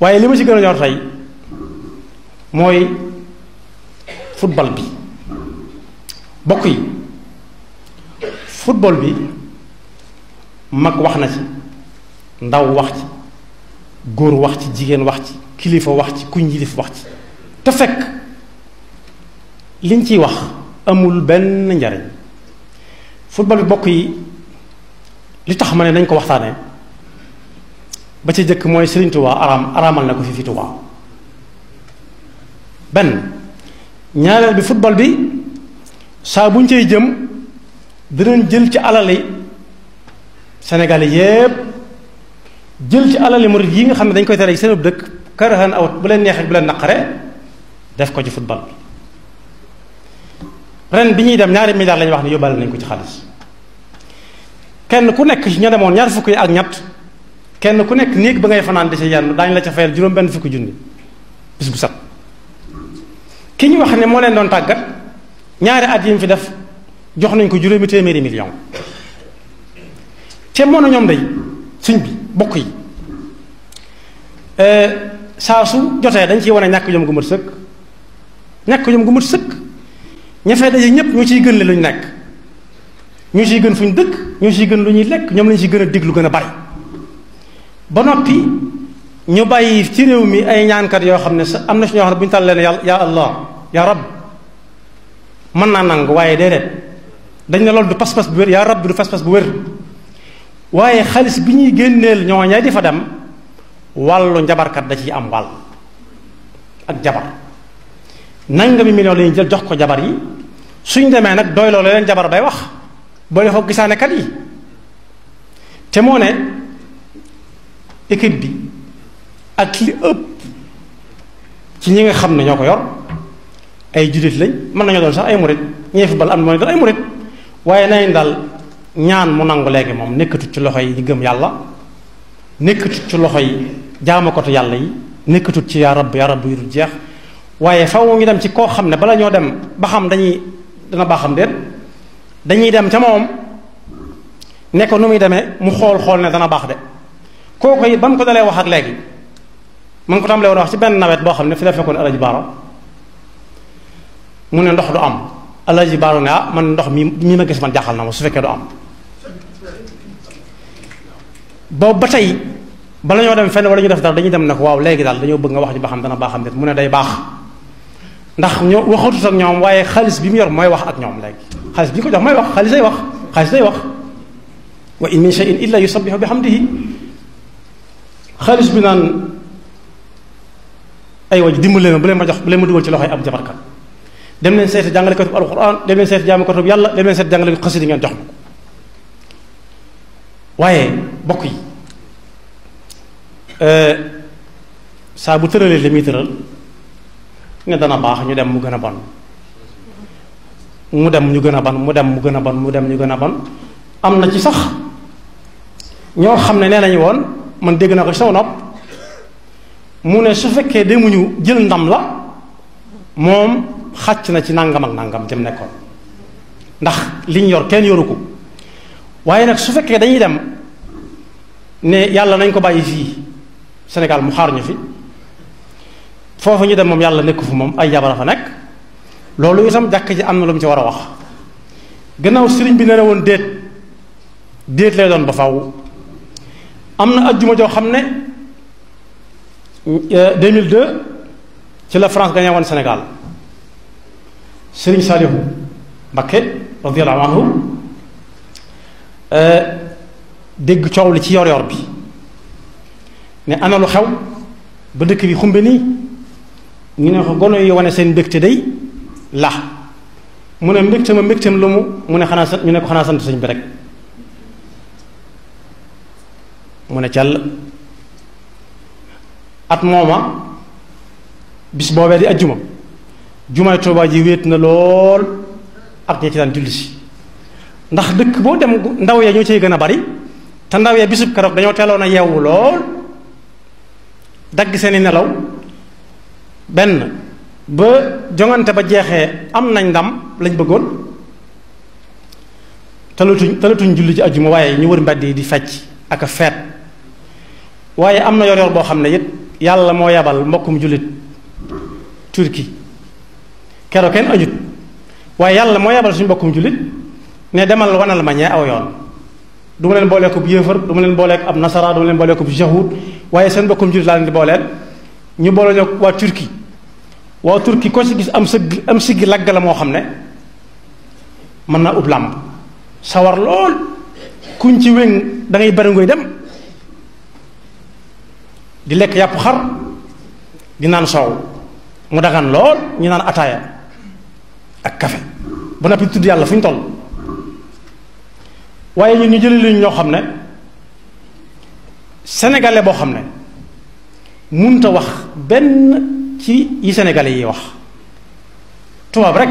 waaye li ma ci gën a ñor tey mooy football bi bokk yi football bi mag wax na ci ndaw wax ci góor wax ci jigéen wax ci kilifa wax ci kuñ yilif wax ci te fekk liñ ciy wax amul benn njariñ football bi bokk yi li tax ma ne nañ ko waxtaanee ba ca jëkk mooy Serigne Touba araam araamal na ko fi fi Touba benn ñaareel bi football bi saa bu ñu cay jëm dinañ jël ci alali Sénégal yépp jël ci alali murid yi nga xam ne dañ koy tere ci seen dëkk karahan awat bu leen neexee bu leen naqare def ko ci football bi ren bi ñuy dem ñaari milliards lañu wax ne yóbbaale nañ ko ci xaalis kenn ku nekk ci ña demoon ñaar fukk yi ak ñett kenn ku nekk néeg ba ngay fanaan di ca yenn daañu la ca fayal juróom benn fukki junni bis bu sat ki ñu wax ne moo leen doon tàggat ñaari at yi fi def jox nañ ko juróomi téeméeri million te moo na ñoom day suñ bi bokk yi euh, saa su jotee dañ ciy wane ñàkk jom gu sëkk ñàkk jom gu sëkk ña fay daje ñépp ñu ciy gën le lu ñu nekk ñu ciy gën fu ñu dëkk ñu ciy gën lu ñuy lekk ñoom lañ ciy gën a diglu gën a bari ba noppi ñu bàyyi ci réew mi ay ñaankat yoo xam ne sa am na si ñoo xam ne bu ñu tàllalee ne ya allah ya rab mën naa nangu waaye déedéet dañ ne lool du pas-pas bu wér yaa rab du pas-pas bu wér waaye xaalis bi ñuy génneel ñoo ñay di fa dem wàllu njabarkat da ci am wàll ak jabar nangami million la ñuy jël jox ko jabar yi suñ demee nag doy loolu leen jabar bay wax booy dafa gisaanekat yi te moo ne équipe bi ak li ëpp ci ñi nga xam ne ñoo ko yor ay jullit lañ mën nañoo doon sax ay murit ñee bala am na mooy doon ay murit waaye nañ daal ñaan mu nangu léegi moom nekkatut ci loxo yi ñu gëm yàlla nekk ci loxo yi jaamakatu yàlla yi ci yaa rabb yaa rabb yu dul jeex waaye faw ñu dem ci koo xam ne bala ñoo dem ba xam dañuy dana baa xam déet dañuy dem ca moom ne nu muy demee mu xool xool ne dana baax de kooku it ba mu ko dalee wax ak léegi mu ngi ko tàmbalee woon wax ci benn nawet boo xam ne fi la fekkoon alaji baaro mu ne ndox du am alaji baaro ne ah man ndox mi mi ma gis man jaaxal na ma su fekkee du am boobu ba tey bala ñoo dem fenn wala ñu def dara dañuy dem ne ko waaw léegi daal dañoo bëgg nga wax ji ba xam dana baaxam nit mu ne day baax ndax ñoo waxatut ak ñoom waaye xaalis bi mu yor mooy wax ak ñoom léegi xaalis bi ko jox mooy wax xaalis day wax xaalis day wax wa in min shay'in illa yusabbihu bihamdihi xaalis bi naan ay waj dimbali leen bu leen ma jox bu leen ma dugal ci loxoy ab jabarkat dem leen seeti jàngale katub alquran dem leen seeti jaamu katub yalla dem leen jangale ko xasidi ngeen jox waye waaye bokk yi bu limi teural nga dana bax ñu dem mu gëna mu dem ñu gëna ban mu dem mu gëna ban mu dem ñu gëna ban amna ci sax ño xamne nenañ won man dégg naa ko saw nopp mu ne su fekkee demuñu jël ndam la moom xàcc na ci nangam ak nangam jëm nekkoon ndax liñ yor kenn yoru ko waaye nag su fekkee dañuy dem ne yàlla nañ ko bàyyi fii Sénégal mu xaar ñu fi foofu ñu dem moom yàlla nekk fu moom ay jabara fa nekk loolu itam jàkk ji am na lu mu ci war a wax gannaaw sëriñ bi na woon déet déet lay doon ba faw am na ajjuma joo xam ne 2002 euh, ci la France gagné woon Sénégal Serigne Saliou Mbacké radiyallahu euh, dégg coow li ci yor-yor bi ne ana xew ba dëkk bi xumbe nii ñu ne ko gono yi wane seen mbégte day la mu ne mbégte ma mbégteem lu mu mu ne xanaa sant ñu ne ko xanaa sant sëñ bi rek. mu ne at moma bis boobee di ajjuma jumaay toba ji wet na lool ak ñi ci daan julli si ndax dëkk boo dem ndaw ya ñoo cay gën a bari te ndaw ya bisub karok dañoo teeloon a yewu lool dagg seeni nelaw benn ba jongante ba jeexee am nañ ndam lañ bëggoon talatuñ talatuñ julli ci ajjuma waaye ñu wër mbedd di fecc ak a feet waaye am na yor boo xam ne it yàlla moo yabal mbokkum jullit turki kero kenn ajut waaye yàlla moo yabal suñu mbokkum jullit ne demal wanal ma ñee aw yoon du leen booleeku bu yéefar leen booleek ab nasara du ma leen booleeku bu jahud waaye seen mbokkum jullit laa leen di booleel ñu boole ñoo waa turki waa turki ko si gis am sëgg am siggi lagg la moo xam ne mën na ub làmb sawar lool kuñ ci wéng da ngay bari ngoy dem di lek yap xar di nan saw mu dagan lol ñu nan ataya ak kafe bu nopi tudd yalla fuñ toll waye ñu ñu jëlé li ñoo xamné sénégalais bo xamné ne munta wax ben ci yi sénégalais yi wax tubaab rek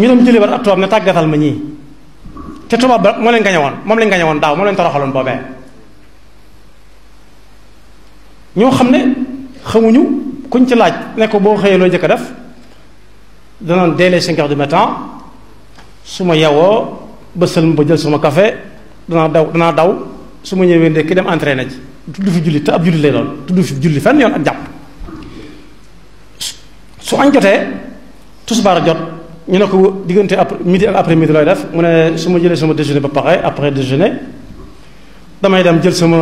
ñu dem jëlé bar ak tagatal ma ñi té mo leen leen daaw leen toroxalon bobé ñoo xam ne xamuñu kuñ ci laaj ne ko boo xëyee loo jëkk a def danaan deelee cinq heures du matin su ma yewoo ba sëlm ba jël suma café danaa daw danaa daw su ma ñëwee ki dem entraîné ji tudd fi julli te ab julli lay doon tudd fi julli fenn yoon ak jàpp su añ jotee tusbaar jot ñu ne ko diggante après midi ak après midi lay def mu ne su ma jëlee sama déjeuner ba pare après déjeuner damay dem jël sama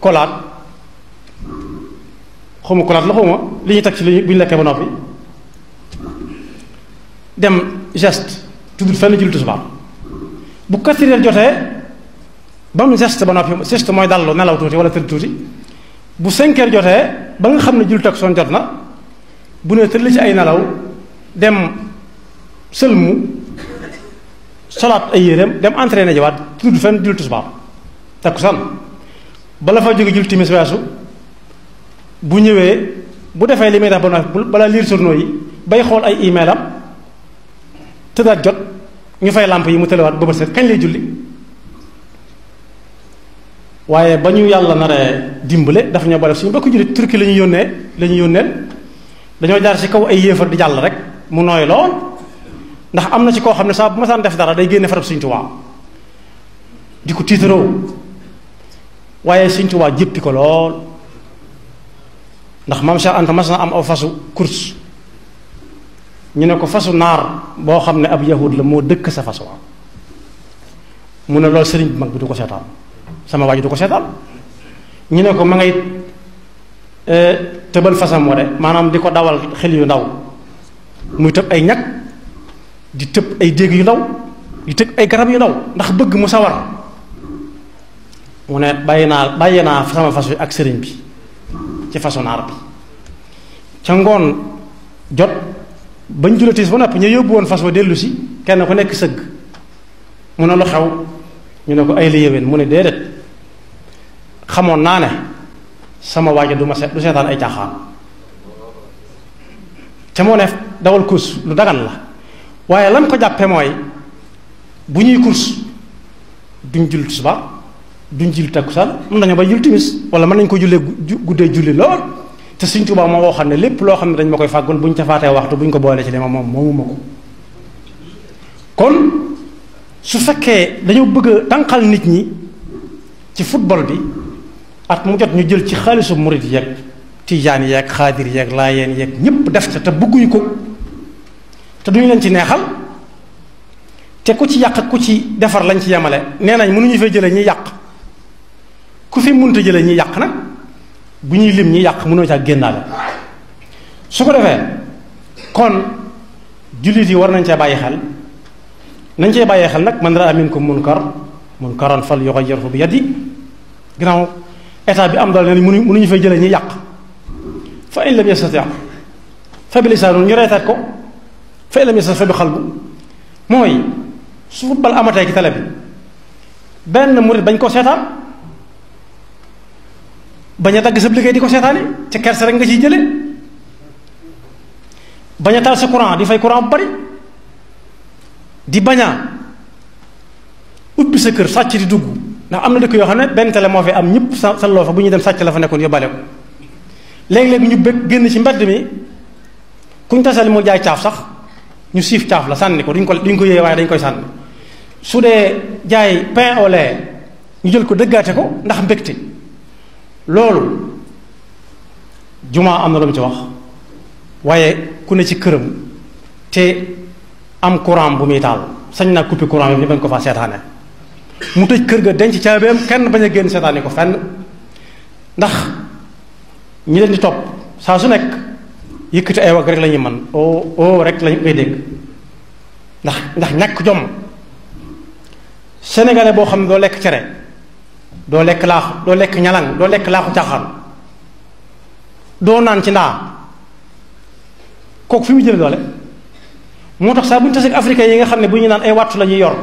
kolaat xawma lat la xawma li ñuy teg ci li bu lekkee ba noppi dem geste tuddul fenn julli tisbaar bu quatre heures jotee ba mu geste ba noppi geste mooy dallu nelaw tuuti wala tëdd tuuti bu cinq heures jotee ba nga xam ne julli son jot na bu ne tëdd ci ay nelaw dem sëlmu salat ay yéreem dem entraîné jiwaat tuddul fenn julli tisbaar takusan bala fa jóge jul timis weesu bu ñëwee bu defee li muy def ba noppi balaa lire journaux yi bay xool ay email am tëddaat jot ñu fay làmp yi mu telewaat ba bët set kañ lay julli waaye ba ñu yàlla naree dimbale dafa ñoo boole suñu mbokku jullit turki la ñu yónnee la ñu yónneel dañoo jaar si kaw ay yéefar di jàll rek mu nooy lool ndax am na ci koo xam ne saa bu ma saan def dara day génne farab Sëriñ Tuubaa di ko tiitaroo waaye Sëriñ Tuubaa jéppi ko lool ndax maam Cheikh Anta mas na am aw fasu course ñu ne ko fasu naar boo xam ne ab yahud la moo dëkk sa fas wa mu ne loolu sëriñ bi mag bi du ko seetaan sama waa du ko seetaan ñu ne ko ma ngay e, tëbal fasam wa de maanaam di ko dawal xel yu ndaw muy tëb ay ñag di tëb ay dégg yu ndaw di tëb ay garab yu ndaw ndax bëgg mu sawar mu ne bàyyi naa bàyyi naa sama fas wi ak sëriñ bi ci façonnaar bi ca ngoon jot bañ julatis ba noppi ñu yóbbu woon fas wa dellu si kenn ku nekk sëgg mu ne lu xew ñu ne ko ay la mu ne déedéet xamoon naa ne sama waaja du ma set du seetaan ay caaxaan te moo ne dawal course lu dagan la waaye lan ko jàppe mooy bu ñuy duñ ba duñ jil takusan mën nañu ba jul timis wala mën nañ ko julle guddee julli lool té señ touba mo waxoon ne lépp loo xam dañ makoy koy buñ ta faté waxtu buñ ko bolé ci mom kon su fekkee dañu bëgg tankal nit ñi ci football bi at mu jot ñu jël ci xaalisu murid yak tijaan yak khadir yak layen yak ñépp def ca ta bëgguñ ko te duñu leen ci neexal te ku ci yàq ku ci defar lañ ci nee mënuñu fay jëlee ñi yàq kufi munte jële ñi yak nak bu ñuy lim ñi yak mëno ca génnaale su ko defé kon julit yi war nañ ca bàyyi xel nañ ca bàyyi xel nak man raa minkum munkar munkaran fal yughayyirhu bi yadi graw état bi am dal ne mënu ñu fay jële ñi yak fa in lam yastati fa bi lisaanu ñu reetaat ko fa in lam yastati fa bi khalbu moy su football amatay ki télé bi benn murit bañ ko sétal bañ a dagg sa liggéey di ko seetaani ci kersa rek nga ciy jële bañ a taal sa courant di fay courant bu bari di bañ a ubbi sa kër sàcc di dugg ndax am na dëkk yoo xam ne benn télé moo fi am ñëpp sa salloo fa bu ñuy dem sàcc la fa nekkoon yóbbaale ko léeg-léeg ñu bëgg génn ci mbedd mi kuñ tasali moo jaay caaf sax ñu siif caaf la sànni ko duñ ko duñ ko yéey waaye dañ koy sànni su dee jaay pain au lait ñu jël ko dëggaate ko ndax mbégte loolu jumaa am na lu mu wax waaye ku ne ci këram te am courant bu muy taal sañ naa coupé courant yi ñu bañ ko faa seetaane mu tëj kër ga denc caabeem kenn bañ a génn seetaane ko fenn ndax ñi leen di topp saa su nekk yëkkati ay wagg rek la ñuy mën oo oo rek lañu koy dégg ndax ndax ñàkk jomm sénégalais boo xam ne doo lekk cere doo lekk laaxu doo lekk ñalang doo lekk laaxu caaxaan doo naan ci ndaa kooku fi mu jële doole moo tax saa bu ñu taseeg africain yi nga xam ne bu ñu naan ay wattu la ñuy yor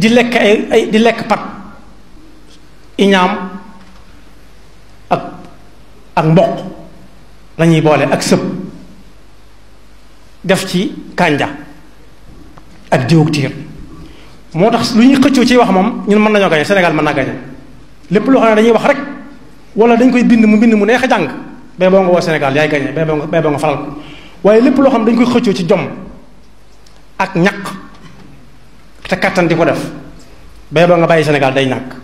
di lekk ay ay di lekk pat iñaam ak ak mboq lañuy boole ak sëb def ci kànja ak diwug tiir moo tax lu ñuy xëccoo ci wax moom ñun mën nañoo gañe Sénégal mën naa gañe lépp loo xam ne dañuy wax rek wala dañ koy bind mu bind mu neex a jàng bay boo nga woo Sénégal yaay gañe bay boo nga bay boo nga faral ko waaye lépp loo xam ne dañ koy xëccoo ci jom ak ñaq te kattan di ko def bay boo nga bàyyi Sénégal day ñàkk